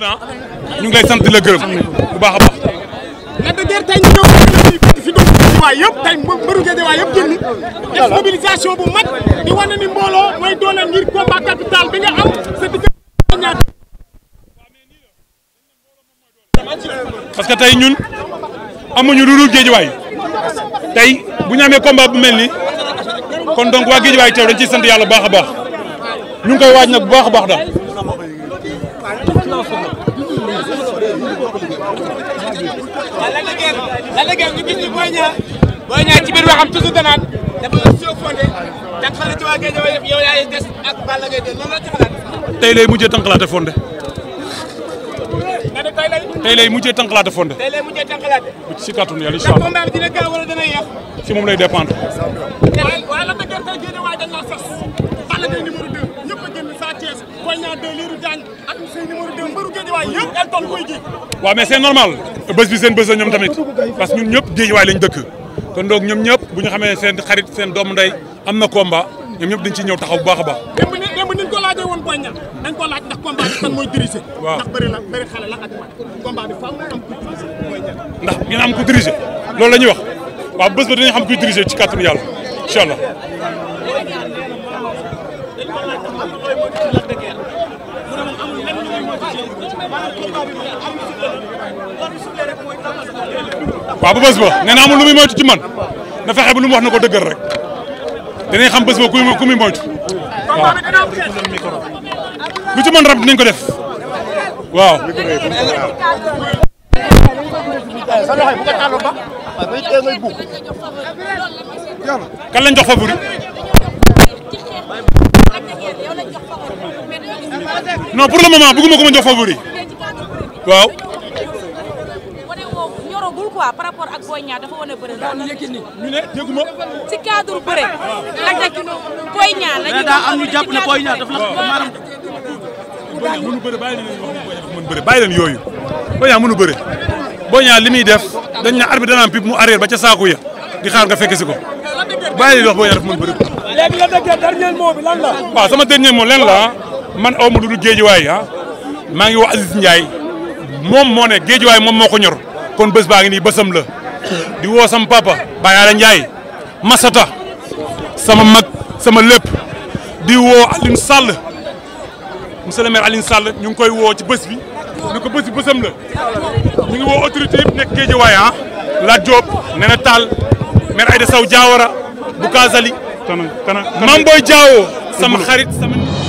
Sourang ah. ñu ngi lay sant di la gërëm bu baax a baax. Lac de Guiers tey ñu ñëw fekk fi dugub Guédiawaye yëpp tey mbëru Guédiawaye yëpp génn def bu mag di wane ni mbooloo mooy dooleel ngir combat capital bi nga que tey ñun amuñu lu dul Guédiawaye tey bu ñu amee combat bu mel ni kon donc waa Guédiawaye teew dañ ciy sant yàlla baax a baax. ñu ngi koy nag bu baax baax daal. la la ñu gis ni Boy Niang Boy Niang waxam toujours danaan tey lay mujjee tànqalaate fonde. tey lay. mujjee tànqalaate fonde. tey lay mujjee tànqalaate. si kàttanu yàlla si moom lay dépendre. Boña de Lirou Diane ak seen numéro 2 mbëru Géejawaay yëpp Elton Gouye Gui. waaw bi seen bés ñoom tamit parce que ñun ñëpp Géejawaay lañ dëkk kon donc ñoom ñëpp bu ñu xamee seen xarit seen doomu ndey am na combat ñoom ñëpp dañ ciy ñëw taxaw bu baax a baax. démb ni démb ko laajee woon Boña dañ ko laaj ndax combat bi kan mooy ndax bëri am ku diriger Boña. ndax dina am ku diriger loolu la ñuy wax waaw bés ba dinañ xam kuy diriger ci kàttanu yàlla incha waa bu bés ne nee lu muy moytu ci man na fexe bu lu mu wax ko dëggal rek dinañ xam bés ku muy ku muy moytu waaw lu ci mën rab ko def waaw. kan lañ jox favori. non pour le moment la ñu ne dégguma ci cadre bëre la nekk Boy Niang la ñu daa am ñu jàpp ne Boy Niang dafa la bëre bàyyi leen mën bëre bàyyi leen yooyu Boy Niang mënu bëre li muy def dañ na arbitre dana am pip mu arrière ba ca saaku ya di xaar nga fekk si ko bàyyi wax booy yàlla dafa mën la sama dernier mot lenn la man aw ma dugg géejuwaay ah. maa ngi woo Aziz Ndiaye moom moo ne waay moom moo ko ñor kon bés baa ngi nii bésam la di woo sama papa Baye Ala Ndiaye Masata sama mag sama lépp di woo Alioune Sall monsieur le maire Alioune Sall ñu ngi koy woo ci bés bi ni ko bés bi bésam la ñu ngi woo autorité yëpp nekk géejuwaay ah Lat Diop Nene Tall maire Aïda Sow Diawara Bukazali. kanam kanam Mame Boye Diao sama xarit sama.